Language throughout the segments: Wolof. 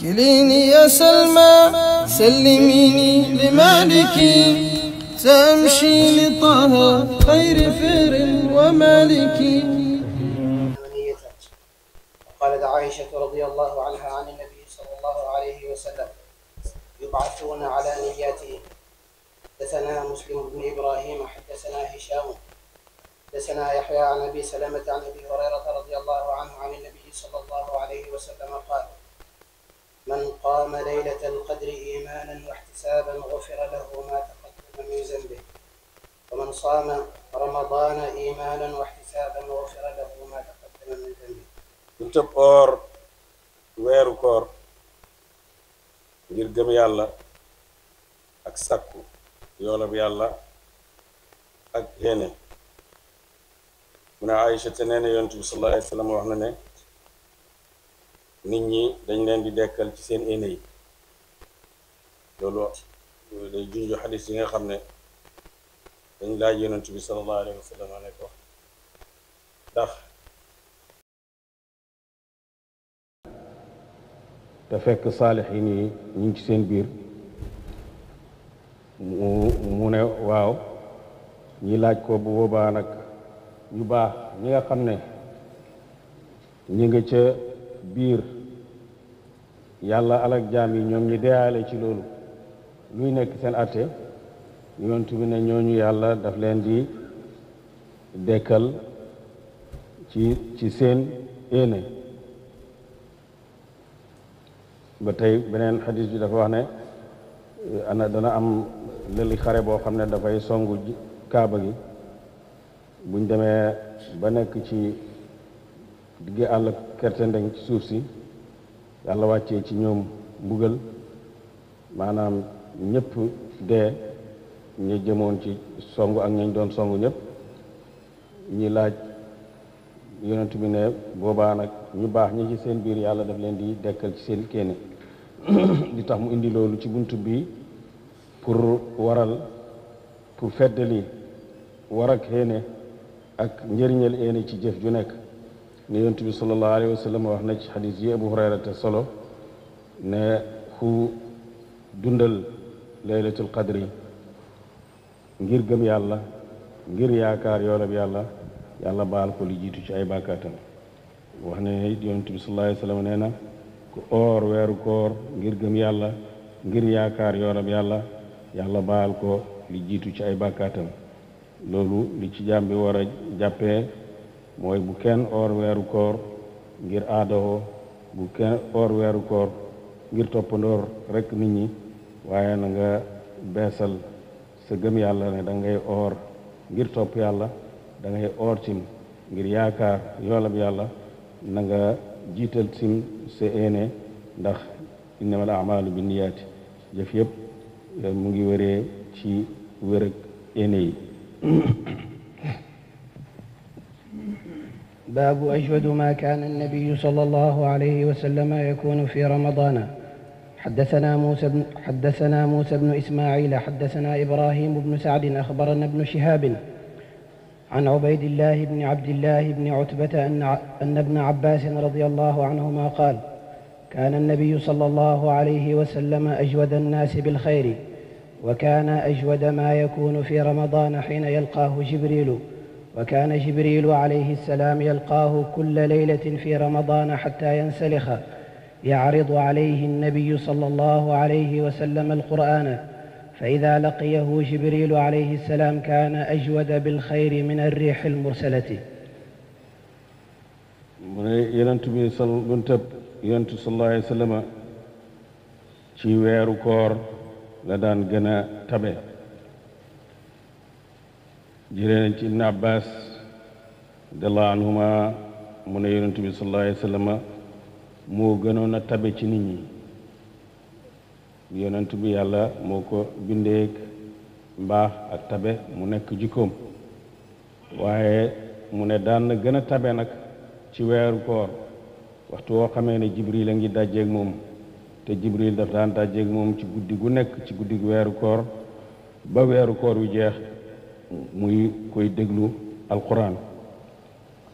كليني يا سلمى سلميني لمالكي سأمشي لطه خير فر ومالكي قالت عائشة رضي الله عنها عن النبي صلى الله عليه وسلم يبعثون على نياتهم حدثنا مسلم بن إبراهيم حدثنا هشام حدثنا يحيى عن أبي سلمة عن أبي هريرة رضي الله عنه عن النبي صلى الله عليه وسلم قال من قام ليلة القدر إيمانا واحتسابا غفر له ما تقدم من ذنبه ومن صام رمضان إيمانا واحتسابا غفر له ما تقدم من ذنبه كتب أور وير كور ngir gëm yàlla ak sàkku yoolab yàlla ak yéene mu ne Aïcha te nee na yonent bi sallallahu alayhi wa sallam wax na ne nit ñi dañ leen di dekkal ci seen éene yi loolu yi nga xam ne dañ laaj yonent bi sallallahu alayhi wa sallam yi ci seen biir mu ne waaw ñi laaj ko bu boobaa nag ñu baax ñi nga xam ne ñi nga ca biir yàlla alak jaam yi ñoom ñi deyaale ci loolu luy nekk seen ate yonent bi ne ñooñu yàlla daf leen di dekkal ci ci seen éene ba tey beneen xadis bi dafa wax ne eh, ana dana am lëli xare boo xam ne dafay songu kaaba gi buñ demee ba nekk ci digge àll ak kerte ndeng ci suuf si yàlla wàccee ci ñoom mbugal maanaam ñëpp dee ñi jëmoon ci songu ak ñañ doon songu ñëpp ñi laaj yonent bi ne boobaa nag ñu baax ñi ci seen biir yàlla daf leen di dekkal ci seen kéene di tax mu indi loolu ci bunt bi pour waral pour feddali war ak xéene ak njëriñal éene ci jëf ju nekk ne yontu bi sallallahu alayhi wa wax na ci xadis yi abu hurayrata solo ne ku dundal laylatul qadri ngir gëm yàlla ngir yaakaar yoolab yàlla yàlla baal ko li jiitu ci ay bàkkaatam wax ne na ku ngir gëm yàlla ngir yaakaar yoolab yàlla yàlla baal ko li jiitu ci ay bàkkaatam loolu li ci jaam bi war a jàppee mooy bu kenn or weeru koor ngir aadawoo bu kenn or weeru koor ngir toppandoor rekk nit ñi waaye na nga beesal sa gëm yàlla ne dangay ngay or ngir topp yàlla dangay ngay or tim ngir yaakaar yoolab yàlla na nga jiital tim sa éene ndax innamal amalu bi niyaati jëf yëpp mu ngi wéree ci wërëg éene yi باب أجود ما كان النبي صلى الله عليه وسلم يكون في رمضان حدثنا موسى بن حدثنا موسى بن إسماعيل حدثنا إبراهيم بن سعد أخبرنا ابن شهاب عن عبيد الله بن عبد الله بن عتبة أن أن ابن عباس رضي الله عنهما قال كان النبي صلى الله عليه وسلم أجود الناس بالخير وكان أجود ما يكون في رمضان حين يلقاه جبريل وكان جبريل عليه السلام يلقاه كل ليلة في رمضان حتى ينسلخ يعرض عليه النبي صلى الله عليه وسلم القرآن فإذا لقيه جبريل عليه السلام كان أجود بالخير من الريح المرسلة yonent sallallahu alayhi ci wéru koor la daan gëna tabe jëreena ci ibne abbas radiallahu anhuma mu ne yonente bi sal allah sallam moo gënoon a tabe ci nit ñi yonent bi yàlla moo ko bindeeg mbaax ak tabe mu nekk jikkoom waaye mu ne daan gën a tabe nag ci weeru koor waxtu woo xamee ne jibril a ngi dajjeeg moom te jibril daf daan dajjeeg moom ci guddi gu nekk ci guddi weeru koor ba weeru koor wi jeex muy koy déglu alxuraan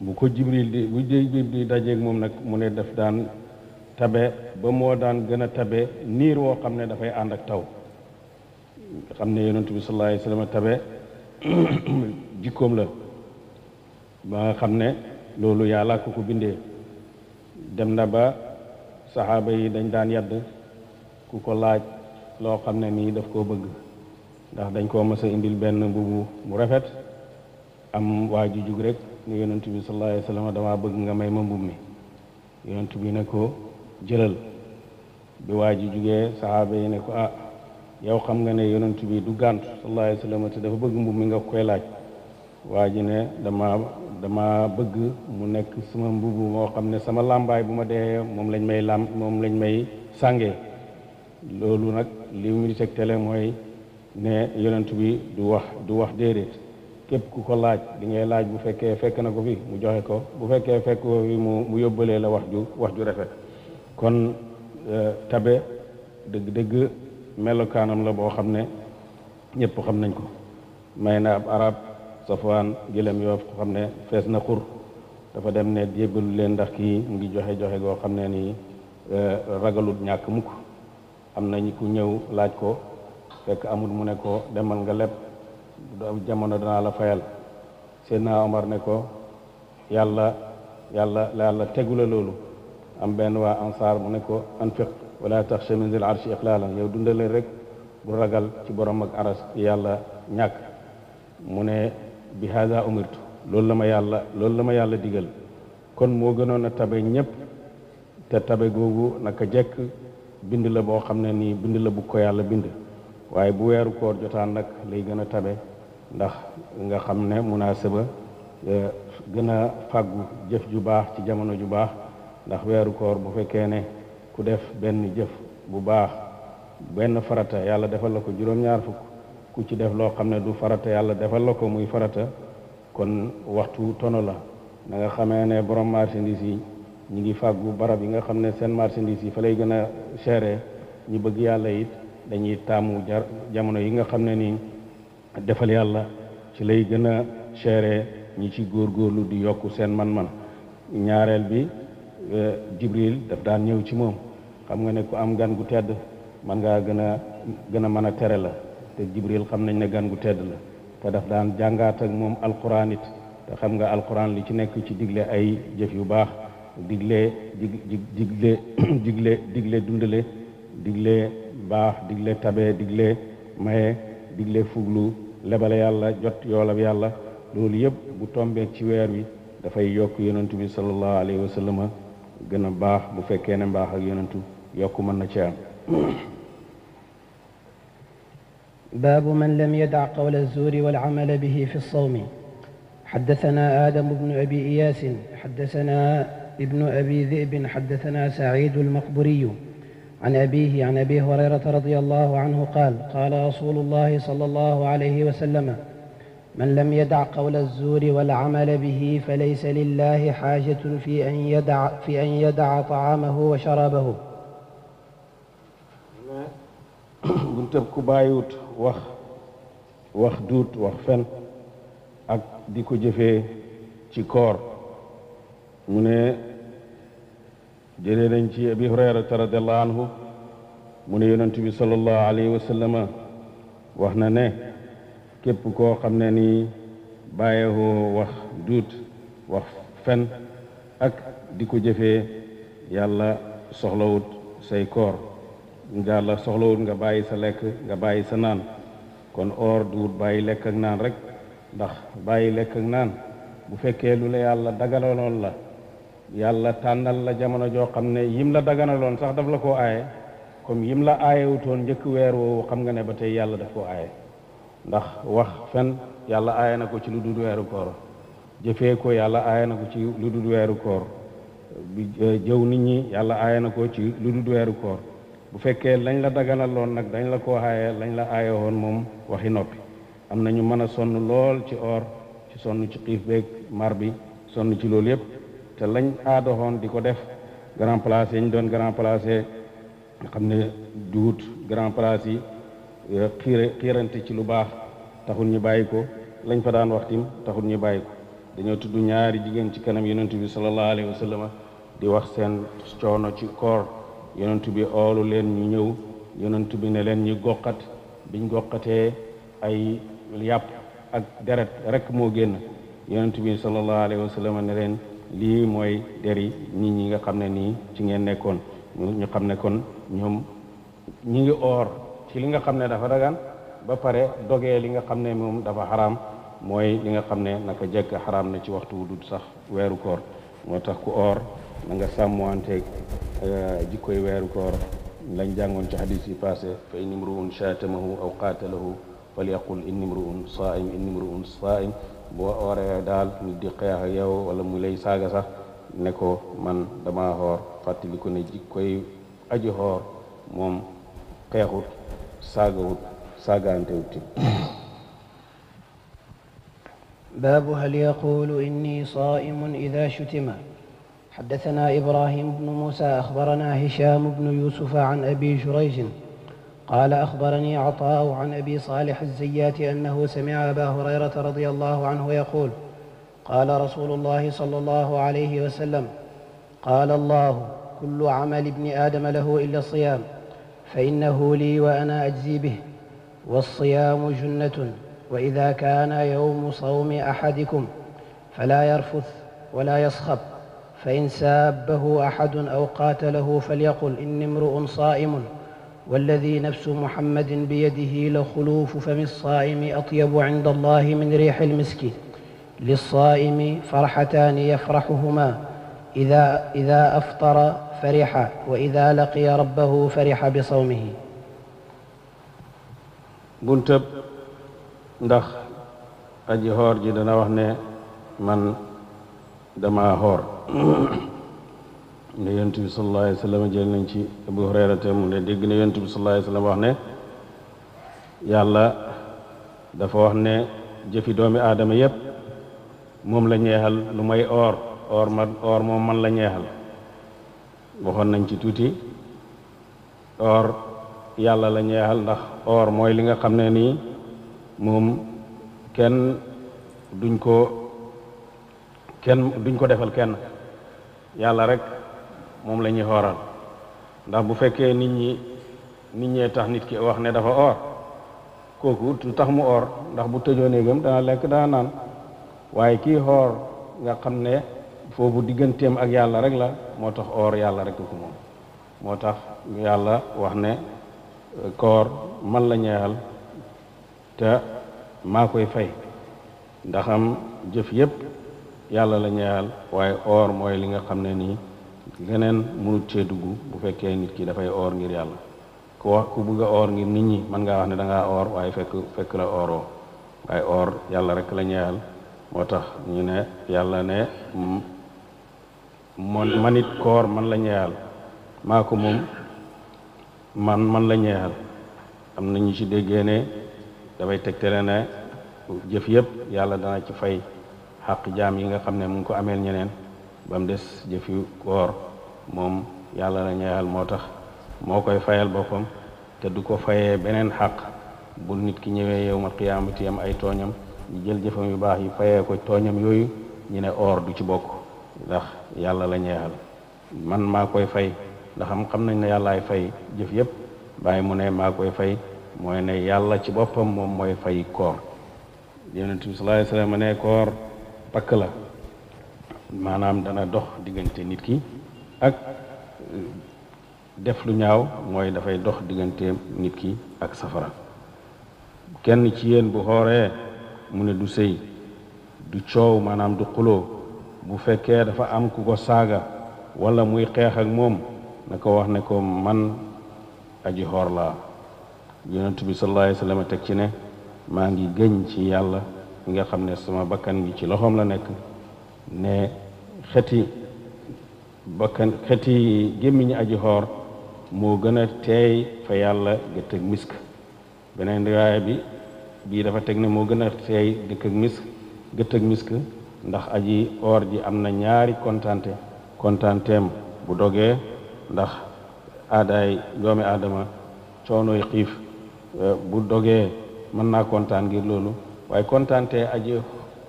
bu ko jibril di bu jibril di dajeeg moom nag mu ne def daan tabe ba moo daan gën a tabe niir woo xam ne dafay ànd ak taw xam ne yonent bi sallallahu alayhi wasallam tabe jikkoom la ba xam ne loolu yàlla ko ko bindee dem na ba saxaaba yi dañ daan yadd ku ko laaj loo xam ne nii daf koo bëgg ndax dañ koo mës a indil benn mbubu mu rafet am waa ju jug rek ni yonent bi sallallahu alayhi wasallam dama bëgg nga may ma mbub mi yonent bi ne ko jëlal bi waa ji jugee sahaaba yi ne ko ah yow xam nga ne yonent bi du gànt sallallahu alayhi wasallam te dafa bëgg mbub mi nga koy laaj waa ne dama dama bëgg mu nekk sama mbubu moo xam ne sama làmbaay bu ma dee moom lañ may lam moom lañ may sàngee loolu nag li mu di tele mooy ne yonent bi du wax du wax déedéet képp ku ko laaj di ngay laaj bu fekkee fekk na ko fi mu joxe ko bu fekkee fekk fi mu mu yóbbalee la wax ju wax ju rafet kon euh, tabe dëgg-dëgg melokaanam la boo xam ne ñëpp xam nañ ko may na ab arab safwaan gilem yoo xam ne fees na xur dafa dem ne jébbalu leen ndax kii mu ngi joxe joxe goo xam ne nii euh, ragalut ñàkk mukk am na ku ñëw laaj ko fekk amul mu ne ko demal nga leb jamono danaa la fayal Seydina Omar ne ko yàlla yàlla yàlla tegu la loolu am benn waa ansaar mu ne ko anfiq wala taxsha min zil arshi yow dundale rek bu ragal ci borom ak aras yàlla ñàkk mu ne bi haada umirtu loolu la ma yàlla loolu la ma yàlla digal kon moo gënoon a tabe ñëpp te tabe googu naka jekk bind la boo xam ne nii bind la bu ko yàlla bind waaye bu weeru koor jotaan nag lay gën a tabe ndax nga xam ne munaasaba eh, gën a fàggu jëf ju baax ci jamono ju baax ndax weeru koor bu fekkee ne ku def benn jëf bu baax benn farata yàlla defal la ko juróom-ñaar fukk ku ci def loo xam ne du farata yàlla defal la ko muy farata kon waxtu tono la na nga xamee ne borom marchandise yi ñi ngi fàggu barab yi nga xam ne seen marchandise yi fa lay gën a chéré ñu bëgg yàlla it dañuy taamu jar jamono yi nga xam ne nii defal yàlla ci lay gën a seere ñi ci góor góorlu di yokk seen man-man ñaareel bi e, Jibril daf daan ñëw ci moom xam nga ne ku am gan gu tedd man ngaa gën a gën a mën a tere la te Jibril xam nañ ne gan gu tedd la te daf daan jàngaat ak moom alquran te xam nga alquran li ci nekk ci digle ay jëf yu baax digle dig digle digle digle dundale digle baax digle tabe digle maye digle fuglu lebal yàlla jot yolam yàlla loolu yeb bu tombé ci wér wi da fay yok yonentou bi salallahu alayhi wa sallam gëna a baax bu féké ne mbaax ak yonentou yok man na ci am باب من لم يدع قول الزور والعمل به في الصوم حدثنا آدم بن أبي إياس حدثنا ابن أبي ذئب حدثنا سعيد المقبري عن أبيه عن أبي هريرة رضي الله عنه قال قال رسول الله صلى الله عليه وسلم من لم يدع قول الزور والعمل به فليس لله حاجة في أن يدع, في أن يدع طعامه وشرابه buntab ku bàyyiwut wax wax duut wax fen ak di ko ci koor mu jëlee nañ ci abi hurayrata radiallahu anhu mu ne yonent bi salallahu alayhi wa wax na ne képp koo xam ne nii bàyyeewoo wax duut wax fen ak di ko jëfee yàlla soxlawut say koor yàlla soxlawut nga bàyyi sa lekk nga bàyyi sa naan kon or duut bàyyi lekk ak naan rek ndax bàyyi lekk ak naan bu fekkee lu la yàlla dagalaloon la yàlla tànnal la jamono joo xam ne yim la daganaloon sax daf la ko aaye comme yim la aayewutoon njëkk weer woowu xam nga ne ba tey yàlla daf ko aaye ndax wax fen yàlla aaye na ko ci lu dul weeru koor jëfee ko yàlla aaye na ko ci lu dul weeru koor eh, jëw nit ñi yàlla aaye na ko ci lu dul weeru koor bu fekkee lañ la loon nag dañ la koo aaye lañ la aaye woon moom waxi noppi am na ñu mën a sonn lool ci or ci sonn ci xiif beeg mar bi sonn ci loolu yépp te lañ aadoxoon di ko def grand place yi ñu doon grand place xam ne duut grand place yi euh, xiire xiirante ci lu baax taxul ñu bàyyi ko lañ fa daan waxtim taxul ñu bàyyi ko dañoo tudd ñaari jigéen ci kanam yonent bi sallallahu alayhi wa sallam di wax seen coono ci koor yonent bi oolu leen ñu ñëw yonent bi ne leen ñu goqat biñ goqatee ay yàpp ak deret rek moo génn yonent bi sallallahu alayhi wa sallam ne leen li mooy deri nit ñi nga xam ne ci ngeen ñu kon ñoom ñi ngi oor ci li nga xam ne dafa dagan ba pare dogee li nga xam ne dafa haram mooy li nga xam naka jekk haram na ci waxtu wudud dul sax weeru koor moo tax ku oor na nga sàmmuwanteeg euh, jikkoy weeru koor lañ jàngoon ci hadis yi passé fa in imruun shaatamahu aw qaatalahu falyaqul in imruun boo ooree dal nit di xeex ak yow wala mu lay saaga sax ne ko man dama xoor fàttali ko ne jikkoy aji xoor moom xeexut saagawut saagaantewut باب هل يقول إني صائم إذا شتم حدثنا إبراهيم بن موسى أخبرنا هشام بن يوسف عن أبي جريج قال أخبرني عطاء عن أبي صالح الزيات أنه سمع أبا هريرة رضي الله عنه يقول قال رسول الله صلى الله عليه وسلم قال الله كل عمل ابن آدم له إلا الصيام فإنه لي وأنا أجزي به والصيام جنة وإذا كان يوم صوم أحدكم فلا يرفث ولا يصخب فإن سابه أحد أو قاتله فليقل إني امرؤ صائم والذي نفس محمد بيده لخلوف فم الصائم أطيب عند الله من ريح المسك للصائم فرحتان يفرحهما إذا, إذا أفطر فرح وإذا لقي ربه فرح بصومه buntëb ndax aji xoor ji dana wax ne yonent bi sallallahu alayhi wa sallam jël nañ ci abu hurayra te mu ne dégg ne yonent bi sallallahu alayhi wa sallam wax ne yàlla dafa wax ne jëfi doomi aadama yépp moom la ñeexal lu may or or man moom man la ñeexal waxoon nañ ci tuuti or yàlla la ñeexal ndax or mooy li nga xam ne nii moom kenn duñ ko kenn duñ ko defal kenn yàlla rek moom lañuy ñuy xooral ndax bu fekkee nit ñi nit ñee tax nit ki wax ne dafa or kooku lu tax mu or ndax bu tëjoo néegam dana lekk dana naan waaye kii xoor nga xam ne foofu digganteem ak yàlla rek la moo tax or yàlla rek ko moom moo tax yàlla wax ne koor man la ñeexal te maa koy fay ndaxam jëf yépp yàlla la ñeexal waaye or mooy li nga xam ne nii leneen mënut cee dugg bu fekkee nit ki dafay oor ngir yàlla ku wax ku bëgg a oor ngir nit ñi mën ngaa wax ne danga or oor fekk fekk la ooroo waaye oor yàlla rek la ñeyal moo tax ñu ne yàlla ne man manit koor man la ñeyal maako ko man man la ñeyal am na ñu ci déggee ne dafay tegtale ne jëf yépp yàlla dana ci fay xàq jaam yi nga xam ne mu ko ameel ñeneen ba des jëf yu koor moom yàlla la ñeyal moo tax moo koy fayal boppam te du ko fayee beneen xaq bu nit ki ñëwee yow ma xiyaamati am ay tooñam ñu jël jëfam yu baax yu fayee ko tooñam yooyu ñu ne or du ci bokk ndax yàlla la ñeyal man maa koy fay ndax xam nañ ne yàllaay fay jëf yëpp bàyyi mu ne maa koy fay mooy ne yàlla ci boppam moom mooy fay koor yonent bi sallallahu alayhi wasallam ne koor pakk la maanaam dana dox diggante nit ki ak euh, def lu ñaaw mooy dafay dox diggante nit ki ak safara kenn ci yéen bu xooree mu ne du sëy du coow maanaam du xuloo bu fekkee dafa am ku ko saaga walla muy xeex ak moom na ko wax ne koo man aji xoor laa yonent bi sallallahu alayhi wasallam teg ci ne maa ngi gëñ ci yàlla mi nga xam ne suma bakkan gi ci loxoom la nekk ne xeti bakkan xeti gémmiñ aji xoor moo gën a teey fa yàlla gëtt misk beneen riwaaya bi bii dafa teg ne moo gën a teey dëkk ak misk ndax aji oor ji am na ñaari kontante kontanteem bu doge ndax aadaay doomi aadama coonoy xiif eh, bu doge mën naa kontaan ngir loolu waaye kontante aji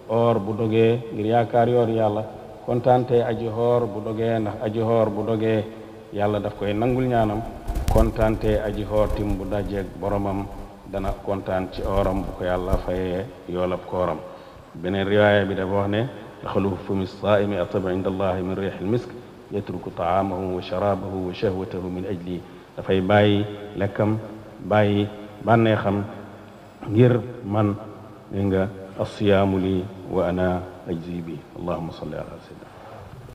or bu doge ngir yaakar yor yàlla kontaan aji hor bu doge ndax aji hor bu doge yàlla daf koy nangul ñaanam kontaan aji hor tim bu dajje ak boromam dana kontaan ci ooram bu ko yàlla fayee yoolab kooram benen riwaya bi da wax ne daxaluhu fumi saa'imi ataba inda allah min rih al misk yatruku taamahu wa sharabahu wa shahwatahu min ajli da fay bàyyi lekkam bàyyi banexam ngir man nga assiyaamu lii وأنا أجزي به اللهم صل على سيدنا